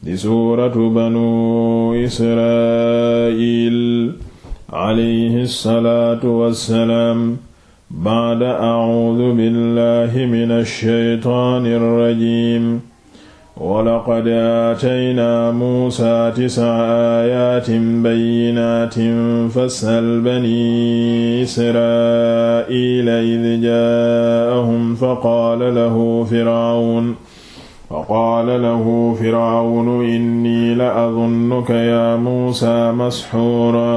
di suuratu banu israil alayhi salaatu wassalaam baada acuudu billahi min alsheytaani alrajim walaqad aataynaa muusaa tisa aayaatin bayyinaatin fasal bani israila id jaa'ahum faqaala lahu fircawn fa qaala lahu firawnu inni la adunnuka ya muusa masxuura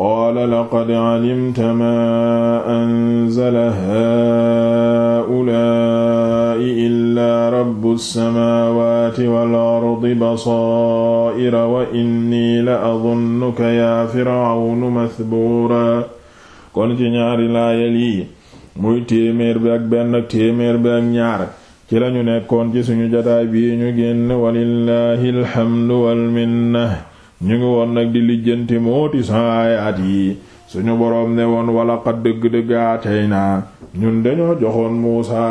qaala laqad calimta maa anzala haa'ulaa'i illaa rabbu samaawaati wal ardi basaa'ira wa inni la adunnuka ya firawnu masbuura kon ci ñaari laayal yi muy téeméer bi ak benn téeméer bi ak ñaar ci lañu nekkoon ci suñu jataay bii ñu génn walillahi alhamdu wal minna ñu ngi woon nag di lijjanti mooti saayaat yi suñu boroom ne woon walaqad dëgg-dëgg atay naa ñun dañoo joxoon muusa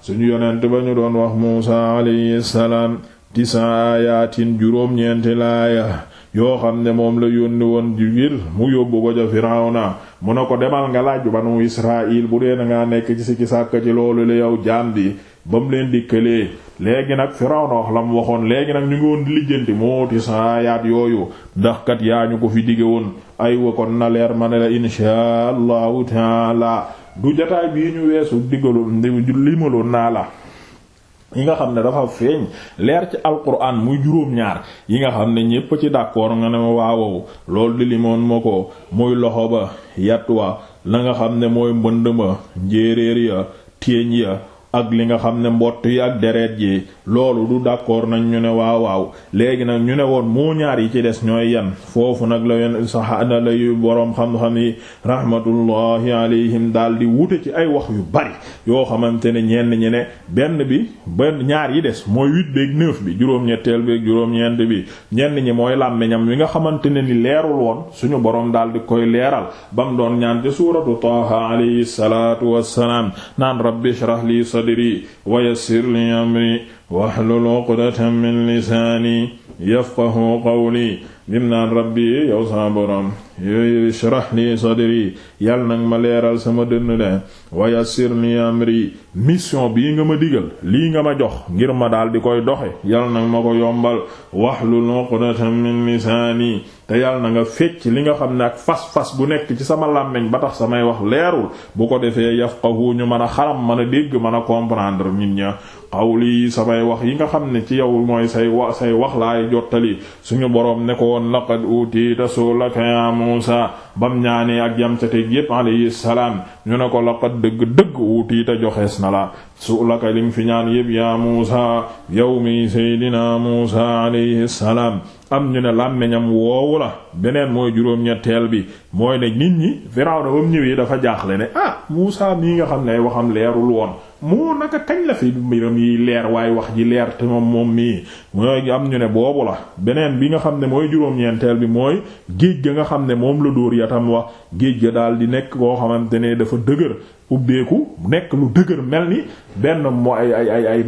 suñu yonent ba ñu doon wax muusa alayhi salaam tisa aayaatin juróom-ñeenti laaya yoo xam ne moom la yónni woon jigir mu yóbbu ko ja firawna mu na ko demal nga laaj mu israil bu dee na ngaa nekk ci sikki sàkk ci loolu la yow jaam bi ba mu leen dikkalee léegi nag Firawna wax waxoon léegi nag ñu ngi woon di lijjanti mooti saayaat yooyu ndax kat yaa ñu ko fi dige woon ay wa kon na leer ma ne la inshaa allahu du jataay bii ñu weesu digaloon limaloon naa la yi nga xam ne dafa feeñ leer ci alquran muy juróom-ñaar yi nga xam ne ñépp ci d'accord nga ne ma waawow loolu di limoon ma ko muy loxo ba yatwa la nga xam ne mooy mbënd ma njéeréer ya téeñ ya ak li nga xam ne mbott yi ak deret yi loolu du d'accord nañ ñu ne waaw waaw léegi nag ñu ne woon moo ñaar yi ci des ñooy yan foofu nag la yoon saxaana la yu boroom xam-xam yi rahmatullahi alayhim daal di wute ci ay wax yu bari yoo xamante ne ñenn ñi ne benn bi benn ñaar yi des mooy huit beeg neuf bi juróom-ñetteel beeg juróom-ñeent bi ñenn ñi mooy làmmiñam wi nga xamante ne ni leerul woon suñu boroom daal di koy leeral bam doon ñaan ci suuratu Taaha sadri wa yassir li amri wahlul uqdatan min lisaani yafqahu qawli dim naan rabbi yow sama borom yooyu shrah li sadri yal nag ma leeral sama dënn de wa yassir li mission bii nga ma digal lii nga ma jox ngir ma daal di koy doxe yal nag ma ko yombal wax wahlul uqdatan min lisaani te yal na nga fecc li nga xam ne ak fas-fas bu nekk ci sama làmmiñ ba tax samay wax leerul bu ko defee yafqahu ñu mën a xalam mën a dégg mën a comprendre nit ña qawli samay wax yi nga xam ne ci yow mooy say wa say wax laay jottali suñu boroom ne ko woon laqad utiita sulaka Muusa bam ñaanee ak yam ca teg yépp alayhi salaam ñu ne ko laqad dëgg dëgg wuutii ta joxees na la su laka lim fi ñaan yépp yaa Muusa yow mi seydina Muusa alayhi salaam am ñu ne làmmiñam woowu la beneen mooy juróom-ñetteel bi mooy ne nit ñi Firawna bam ñëwee dafa jaaxle ne ah Muusa mii nga xam ne ay waxam leerul woon moo naka kañ la fi mbiram yi leer waaye wax ji leer te moom moom mii mooy am ñu ne boobu la beneen bi nga xam ne mooy juróom-ñeenteel bi mooy géej ga nga xam ne moom la dóor yatam wax géej ga daal di nekk koo xamante ne dafa dëgër ubbeeku nekk lu dëgër mel ni benn moo ay ay ay ay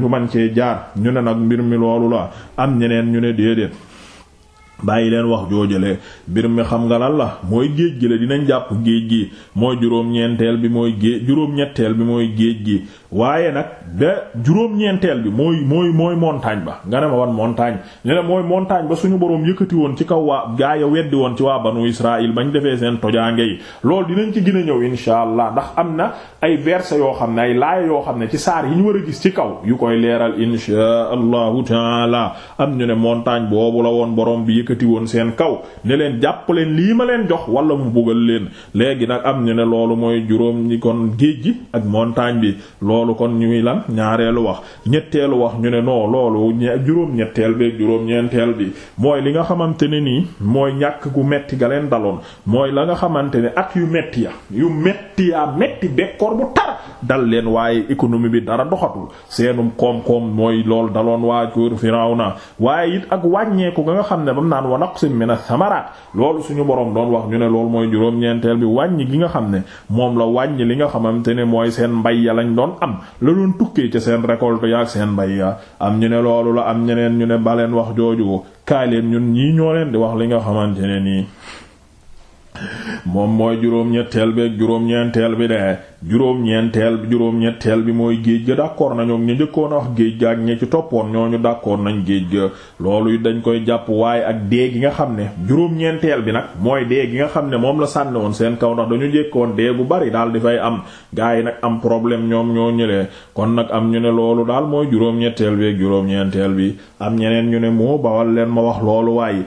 ñu man cee jaar ñu ne nag mbir mi loolu la am ñeneen ñu ne déedéet bàyyi leen wax joojale mbir mi xam nga lan la mooy géej gi la dinañ jàpp géej gi mooy juróom bi mooy géej juróom-ñetteel bi mooy géej gi waaye nag ba juróom-ñeenteel bi mooy mooy mooy montagne ba nga ne ma wan montagne ne la mooy montagne ba suñu boroom yëkkati woon ci kaw waa gaa ya weddi woon ci waa banu Israël bañ defee seen tojaange yi loolu dinañ ci gina ñëw insha allah ndax am na ay versets yoo xam ne ay laaya yoo xam ne ci saar yi ñu war a gis ci kaw yu koy leeral insha allahu taala am ñu ne montagne boobu la woon borom bi yëkkati woon seen kaw ne leen jàpp leen lii ma leen jox wala mu bëggal leen léegi nag am ñu ne loolu mooy juróom ñi kon géej ak montagne bi loolu kon ñuy lan ñaareelu wax ñetteelu wax ñu ne non loolu juróom-ñetteel bi juróom-ñeenteel bi mooy li nga xamante ne nii mooy ñàkk gu metti ga leen daloon mooy la nga xamante ne at yu metti yu metti yaa metti bekkoor dal leen waaye économie bi dara doxatul seenum koom mooy loolu daloon waa kër Firawna waaye it ak wàññeeku nga nga xam ne bam naan wa naqsim mina samaraat loolu suñu boroom doon wax ñu ne loolu mooy juróom-ñeenteel bi wàññi gi nga xam ne moom la wàññi li nga xamante ne mooy seen mbay ya lañ doon am la doon tukkee ca seen récolte yaak seen mbay ya am ñu ne loolu la am ñeneen ñu ne baleen wax jooju kaay leen ñun ñii ñoo leen di wax li nga xamante ne nii moom mooy juróom-ñetteel bi ak juróom-ñeenteel bi de juróom-ñeenteel juróom-ñetteel bi mooy géej ga d'accord nañoo ñu njëkkoon a wax géej ga ak ñi ci toppoon ñooñu d'accord nañ géej ga loolu yi dañ koy jàpp waaye ak dee gi nga xam ne juróom-ñeenteel bi nag mooy dee gi nga xam ne moom la sànni seen kaw ndax dañu njëkkoon dee bu bari daal di fay am gaa yi nag am problème ñoom ñoo ñëlee kon nag am ñu ne loolu daal mooy juróom-ñetteel bi ak juróom-ñeenteel bi am ñeneen ñu ne moo bawal leen ma wax loolu waaye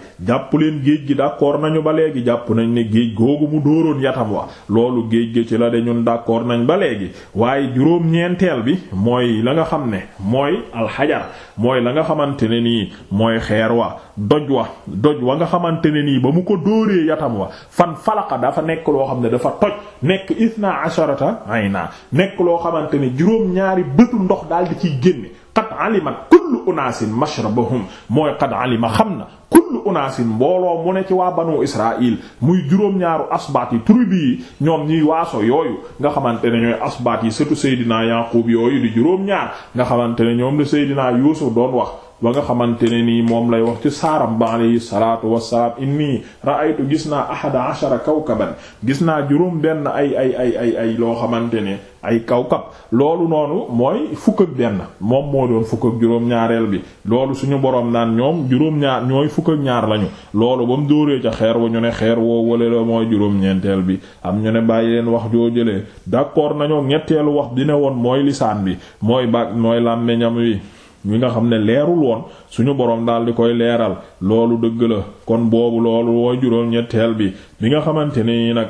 géej googu mu dóoroon yatam wa loolu géej gi ci la de ñun d'accord nañ ba léegi waaye juróom-ñeenteel bi mooy la nga xam ne mooy alxajar mooy la nga xamante ne nii mooy xeer wa doj wa doj wa nga xamante ne nii ba mu ko dóoree yatam wa fan falaka dafa nekk loo xam ne dafa toj nekk isna asharata ayna nekk loo xamante ne juróom-ñaari bëtu ndox daal di génne qad alima kullu unaasin mashrabahum mooy qad alima xam na kullu unaasin mbooloo mu ne ci waa banu israil muy juróom-ñaaru asbaat yi tribu yi ñoom ñuy waaso yooyu nga xamante ne ñooy asbaat yi surtout Seydina Yaqub yooyu di juróom-ñaar nga xamante ne ñoom la Seydina Yuusuf doon wax wa nga xamante ne nii moom lay wax ci saaram ba alayhi salaatu wassalaam inni ra'aytu gis naa ahada ashara kawkaban gis naa juróom benn ay ay ay ay ay loo xamante ne ay kawkab loolu noonu mooy fukk ak benn moom moo doon fukk ak juróom-ñaareel bi loolu suñu boroom naan ñoom juróom-ñaar ñooy fukk ak ñaar lañu loolu ba mu dóoree ca xeer wa ñu ne xeer woo wale la mooy juróom-ñeenteel bi am ñu ne bàyyi leen wax joo jëlee d'accord nañoo ñetteelu wax di ne woon mooy lisaan bi mooy ba mooy mi nga xam ne leerul woon suñu boroom daal di koy leeral loolu dëgg la kon boobu loolu wooy juróom-ñetteel bi bi nga xamante ni nag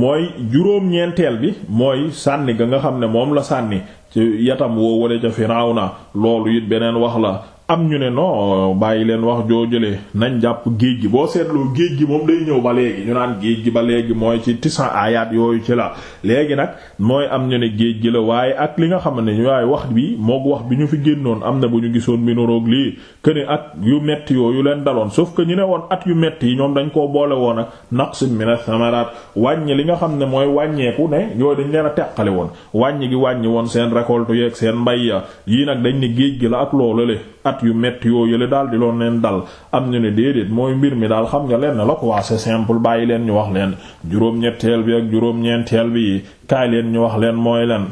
mooy juróom-ñeenteel bi mooy sànni ga nga xam ne moom la sànni ci yatam woo wale ca na loolu it beneen wax la am ñu ne noo bàyyi leen wax joojule nañ jàpp géej gi boo seetloo géej gi moom day ñëw ba léegi ñu naan géej gi ba léegi mooy ci tisan ayat yooyu ci la léegi nag mooy am ñu géej gi la waaye ak li nga xam ne ñu waaye wax bi moog wax bi ñu fi génnoon am na bu ñu gisoon minoróog lii këne at yu metti yooyu leen daloon sauf ñu ne woon at yu metti yi ñoom dañ koo boole woon ak naqs mina samarat wàññi li nga xam ne mooy wàññeeku ne yooyu dañ leen a teqale woon wàññi gi wàññi woon seen récolte yeeg seen mbay ya yi nag dañ ne géej gi la ak loolu le yu metti yoo yële daal di loon leen dal am na ne déedéet mooy mbir mi daal xam nga leen la ko waa c'est simple bàyyi leen ñu wax leen juróom-ñetteel bi ak juróom-ñeenteel bi kaay leen ñu wax leen mooy leen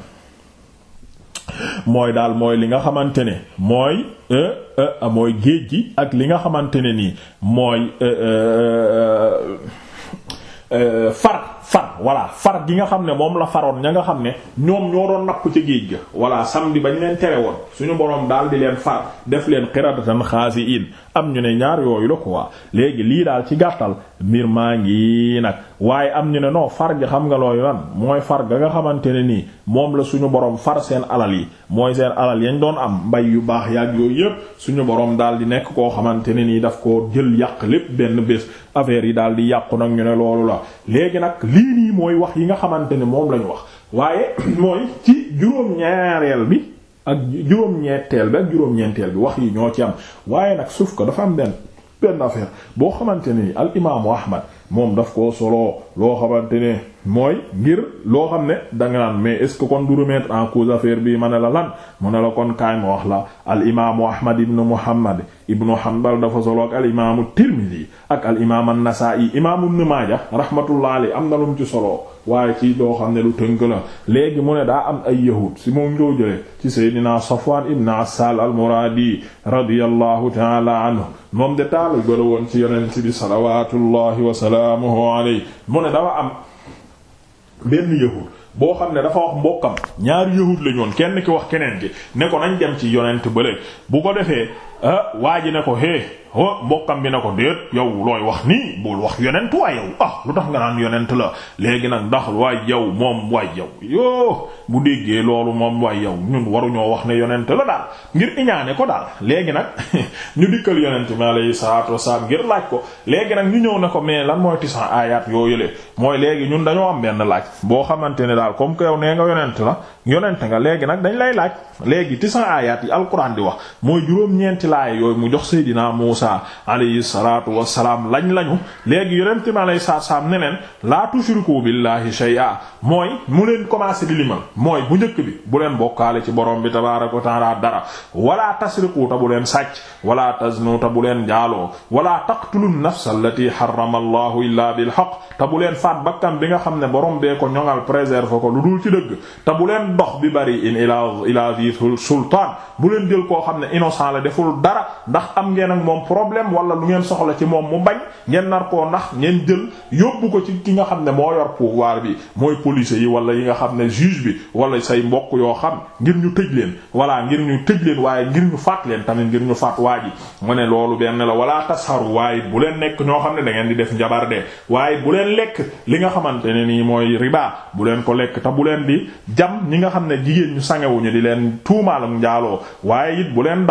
mooy daal mooy li nga xamante ne mooy euh, euh, mooy géej gi ak li nga xamante ne nii mooy euh, far far voilà far gi nga xam ne moom la faroon ña nga xam ne ñoom ñoo doon napp ca géej ga voilà samedi bañ leen tere woon suñu boroom daal di leen far def leen xiradatan xaasiin am ñu ne ñaar yooyu la quoi léegi lii daal ci gàttal mbir maa ngi nag waaye am ñu ne non far gi xam nga looyu lan mooy far ga nga xamante ne nii moom la suñu boroom far seen alal yi mooy seen alal yañ doon am mbay yu baax yaag yooyu yépp suñu boroom daal di nekk koo xamante ne nii daf koo jël yàq lépp benn bés affaire yi daal di yàqu nag ñu ne loolu lii nii mooy wax yi nga xamante ne moom lañu wax waaye mooy ci juróom-ñaareel bi ak juróom-ñetteel bi ak juróom-ñeenteel bi wax yi ñoo ci am waaye nag suuf ko dafa am benn benn affaire boo xamante ne al imaamu Ahmad moom daf koo solo loo xamante ne mooy ngir loo xam ne danga naan mais est-ce que kon du remettre en cause affaire bi ma ne la lan mu ne la kon kaay ma wax la al imaamu ahmad ibnu muhammad ibnu hanbal dafa solo ak al imaamu tirmidi ak al imaam an-nasaa'i imaamu ibnu maaja rahmatullah alayhi am na lu ci solo waaye ci loo xam ne lu tënk la léegi mu ne daa am ay yahud si moom loo jële ci seydina safwaan ibnu assaal al-muraadi radiyallahu taala anhu moom de taal gëla woon salaamuhu alayhi mu ne dafa am benn yahud boo xam ne dafa wax mbokkam ñaari yahud la kenn ki wax keneen ki ne ko nañ dem ci yonent bële bu ko defee ah waa ji ne ko hé ah mbokkam bi ne ko déet yow looy wax nii bul wax yonent waa yow ah lu tax nga naan yonent la léegi nag ndax waay yow moom waay yow yoo bu déggee loolu moom waay yow ñun waruñoo wax ne yonent la daal ngir iñaane ko daal léegi nag ñu dikkal yonent mi alayhi salaatu wasalaam ngir laaj ko léegi nag ñu ñëw ne ko mais lan mooy tisan ayat yoo yële mooy léegi ñun dañoo am benn laaj boo xamante ne daal comme que yaw nee nga yonent la yonent nga léegi nag dañ lay laaj léegi tisan ayat yi alquran di wax laaya yooyu mu jox Seydina Muusa alayhi salaatu wassalaam lañ lañu léegi yonente mi alayhi salaatu wassalaam ne leen laa tushriku billahi shay'a mooy mu leen commencé di limal mooy bu njëkk bi bu leen bokkaale ci borom bi tabaaraka wa ta'aala dara wala tasriqu ta bu leen sàcc wala taznu ta bu leen jaaloo wala taqtulu nafsa allati harrama allahu illaa bil haqq ta bu leen faat bakkan bi nga xam ne borom bee ko ñoŋal préserve ko lu dul ci dëgg ta bu leen dox bi bari in ila ila sultaan bu leen jël waxul dara ndax am ngeen ak moom problème wala lu ngeen soxla ci moom mu bañ ngeen nar koo ndax ngeen jël yóbbu ko ci ki nga xam ne moo yor pouvoir bi mooy police yi wala yi nga xam ne juge bi wala say mbokk yoo xam ngir ñu tëj leen wala ngir ñu tëj leen waaye ngir ñu faat leen tamit ngir ñu faat waa ji mu ne loolu benn la wala tasharu waaye bu leen nekk ñoo xam ne dangeen ngeen di def njabar de waaye bu leen lekk li nga xamante ne nii mooy ribaa bu leen ko lekk te bu leen di jam ñi nga xam ne jigéen ñu sangewuñu di leen tuumaalum njaaloo waaye it bu leen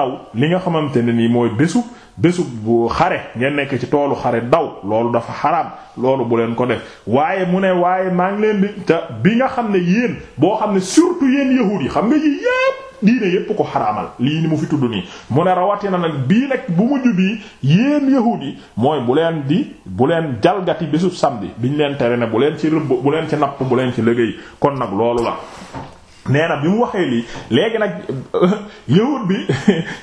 xamante ne nii mooy bésu bésu bu xare ngeen nekk ci toolu xare daw loolu dafa xaraam loolu bu leen ko def waaye mu ne waaye maa ngi leen di ca bi nga xam ne yéen boo xam ne surtout yéen yahuud yi xam nga yi yépp diine yépp ko xaraamal lii ni mu fi tudd nii mu ne rawatina nag bii nag bu mujj bii yéen yahuud yi mooy bu leen di bu leen jalgati bésu samedi biñ leen tere ne bu leen ci rëbb bu leen ci napp bu leen ci liggéey kon nag loolu la nee na bi mu waxee lii léegi nag yahud bi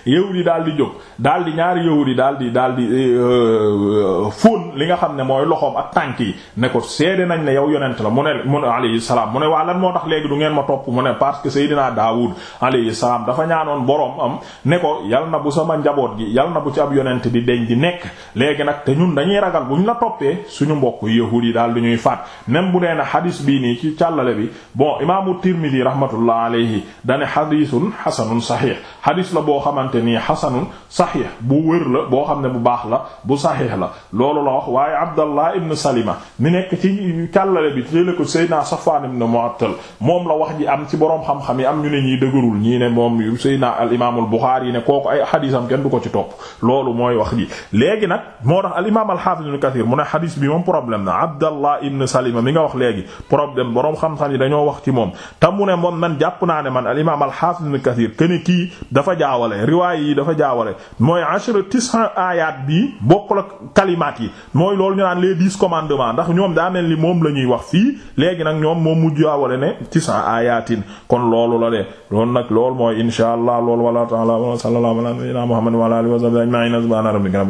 yahud yi daal di jóg daal di ñaari yahud yi daal di daal di euh, euh, fóon li nga xam ne mooy loxoom ak tànk yi ne ko seede nañ ne yow yonent la mu ne mu ne alayhi salaam mu ne waa lan tax léegi du ma topp mu ne parce que Seydina Daawud alayhi salaam dafa ñaanoon boroom am ne ko yal na bu sama njaboot gi yal na bu ci ab yonent bi deñ di nekk léegi nag te ñun dañuy ragal bu ñu la toppee suñu mbokk yahud yi daal di ñuy faat même bu nee na hadis bii nii ci càllale bi bon imaamu Tirmidhi rahmatu rahmatullah alayhi dane xadisun xasanun saxiix xadis la boo xamante nii xasanun bu wér la boo xam ne bu baax la bu saxiix la loolu la wax waaye abdallah ibn salima mi nekk ci càllale bi téela ko saydna safwan ibn mu'attal moom la wax ji am ci boroom xam-xam yi am ñu ne ñuy dëgërul ñii ne moom saydna al imam al buxaari yi ne ko ay xadisam kenn du ko ci topp loolu mooy wax ji léegi nag moo tax al imam al hafiz ibn kathir mu ne xadis bi moom problème na abdallah ibn salima mi nga wax léegi problème boroom xam-xam yi dañoo wax ci moom kon man jàpp naa ne man al imaam al hafiz ibn kathir kene kii dafa jaawale riwaay yi dafa jaawale mooy ashra tis'a ayat bi bokkul ak kalimaat yi mooy loolu ñu naan les dix commandements ndax ñoom daa mel ni moom la ñuy wax fii léegi nag ñoom moom mu jaawale ne tis'a ayatin kon loolu la de loolu nag loolu mooy insha allah loolu wala ta'ala wa sallallahu ala nabiyyina muhammad wa ala alihi wa sahbihi ajma'in subhana rabbika